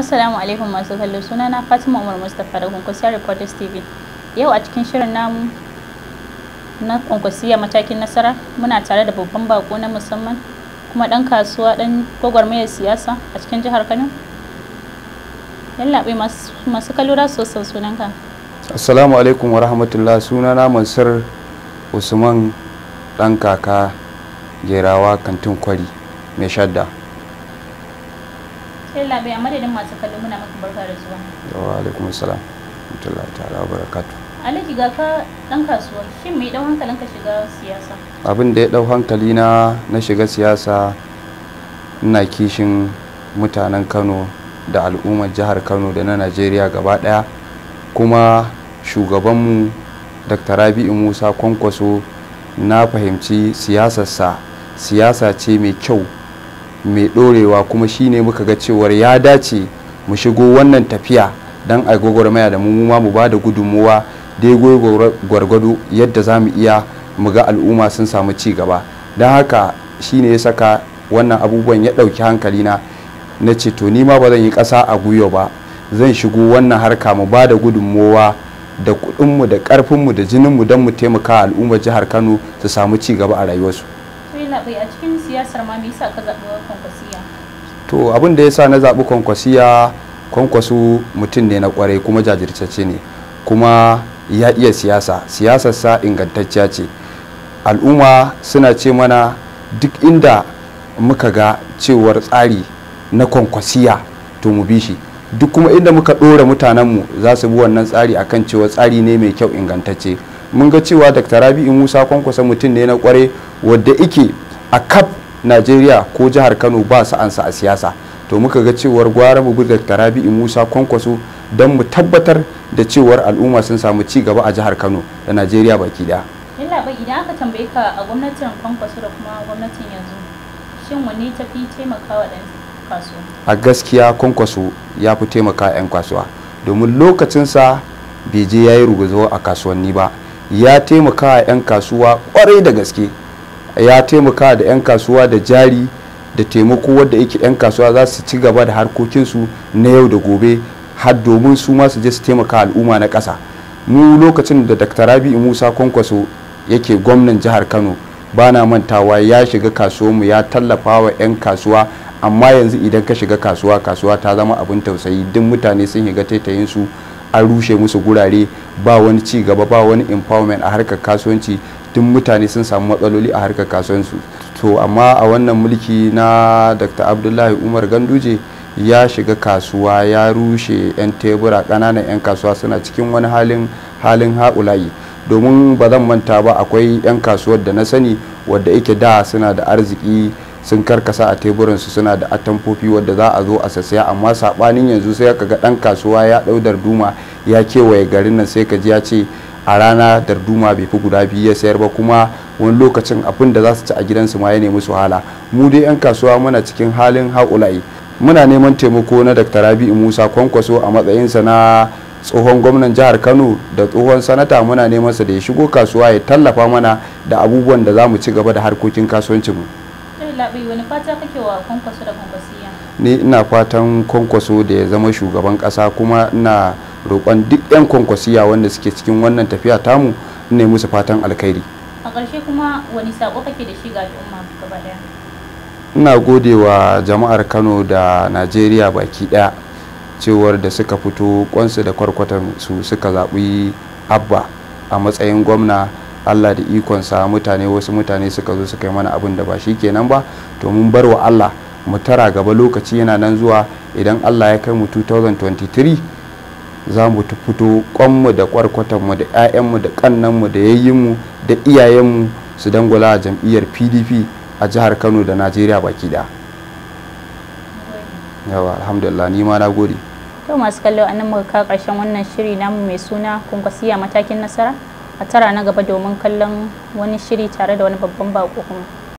Assalamu alaikum masu kallo na Fatima Umar Mustapha da Kunkusiya Reporters TV. Yau a cikin shirin namu na Kunkusiya matakin nasara muna tare da babban bako na musamman kuma dan kasuwa dan gwagwarmayar siyasa a cikin jihar Kano. Yallaɓe masu kallo da so sau sunanka. Assalamu alaikum wa rahmatullah na Mansur Usman ɗan kaka Gerawa Kantin Kwari mai shadda. Yalla bai amma madadin masu kallon muna maka barka da zuwa. Wa alaikum assalam. Mutullah ta'ala wa barakatu. Alhaji ga ka dan kasuwa shin me dau hankalin ka shiga siyasa? Abin da ya dau hankali na na shiga siyasa ina kishin mutanen Kano da al'ummar jihar Kano da na Najeriya gaba daya kuma shugabanmu Dr. Rabi'u Musa Kwankwaso na fahimci siyasarsa siyasa ce mai kyau mai ɗorewa kuma shine muka ga cewar ya dace mu shigo wannan tafiya don a gwagwarmaya da mu ma mu ba da gudunmuwa dai gwargwado yadda za mu iya mu ga al'umma sun samu ci gaba don haka shine ya saka wannan abubuwan ya ɗauki hankalina na ce to ni ma ba zan yi ƙasa a gwiwa ba zan shigo wannan harka mu ba da gudunmuwa da kuɗinmu da ƙarfinmu da jininmu don mu taimaka al'ummar jihar kano su samu ci gaba a rayuwarsu a cikin siyasar ma ka zaɓi kwankwasiya to abin da ya sa na zaɓi kwankwasiya kwankwaso mutum ne na kwarai kuma jajirtacce ne kuma ya iya siyasa siyasar sa ingantacciya ce al'umma suna ce mana duk inda muka ga cewar tsari na kwankwasiya to mu bi shi duk kuma inda muka ɗora mutanenmu za su bi wannan tsari akan cewa tsari ne mai kyau ingantacce mun ga cewa dr rabi'u musa kwankwasa mutum ne na kware wadda ike a kaf najeriya ko jihar kano ba sa'ansa a siyasa to muka ga cewar gwara mu dr rabi'u musa kwankwaso don mu tabbatar da cewar al'umma sun samu ci gaba a jihar kano da najeriya baki daya idan aka tambaye ka a gwamnatin da kuma gwamnatin yanzu shin ta fi taimakawa ɗan kasuwa a gaskiya kwankwaso ya fi taimaka 'yan kasuwa domin lokacinsa bai je ya yi ruguzo a kasuwanni ba ya taimaka 'yan kasuwa kwarai da gaske ya taimaka da 'yan kasuwa da jari da taimako wadda yake 'yan kasuwa za su ci gaba da harkokinsu na yau da gobe har domin su ma su je su taimaka al'umma na ƙasa mu lokacin da dr rabi musa kwankwaso yake gwamnan jihar kano ba na mantawa ya shiga kasuwanmu ya tallafa wa 'yan kasuwa amma yanzu idan ka shiga kasuwa kasuwa ta zama abin tausayi duk mutane sun shiga taitayinsu su an rushe musu gurare ba wani ci gaba ba wani empowerment a harkar kasuwanci tun mutane sun samu matsaloli a harkar kasuwanci to amma a wannan mulki na dr abdullahi umar ganduje ya shiga kasuwa ya rushe 'yan tebura kananan 'yan kasuwa suna cikin wani halin halin haulayi domin ba zan manta ba akwai 'yan kasuwar da na sani wadda ike da suna da arziki sun karkasa a teburin su suna da atamfofi wadda za a zo a sasaya amma sabanin yanzu sai kaga ga dan kasuwa ya dau darduma ya kewaye garin nan sai ka ji ya ce a rana darduma bai fi guda biyu ya sayar ba kuma wani lokacin abin da za su ci a gidansu ma ya nemi su hala mu dai 'yan kasuwa muna cikin halin haƙula'i muna neman taimako na dr rabi'u musa kwankwaso a matsayinsa na tsohon gwamnan jihar kano da tsohon sanata muna neman sa da ya shigo kasuwa ya tallafa mana da abubuwan da zamu ci gaba da harkokin kasuwancinmu ne wani fata kake wa kwankwaso da kwankwasiya ni ina fatan kwankwaso da ya zama shugaban kasa kuma ina roƙon duk 'yan kwankwasiya wanda suke cikin wannan tafiya tamu ne musu fatan alkhairi a ƙarshe kuma wani sako kake da shi ga al'umma gaba daya ina gode wa jama'ar kano da najeriya baki daya cewar da suka fito kwansu da kwarkwatan su suka zaɓi abba a matsayin gwamna Allah da ikon sa mutane wasu mutane suka zo suka yi mana abin da ba shi kenan ba to mun bar wa Allah mu tara gaba lokaci yana nan zuwa idan Allah ya kai mu 2023 za mu fito kwanmu da kwarkwatanmu da mu da kannanmu da mu da iyayenmu su dangula a jam'iyyar pdp a jihar kano da najeriya baki da yawa alhamdulillah ni ma na gode to masu kallo nan muka kawo karshen wannan shiri namu mai suna kunkwasiya matakin nasara a tara na gaba domin kallon wani shiri tare da wani babban bako kuma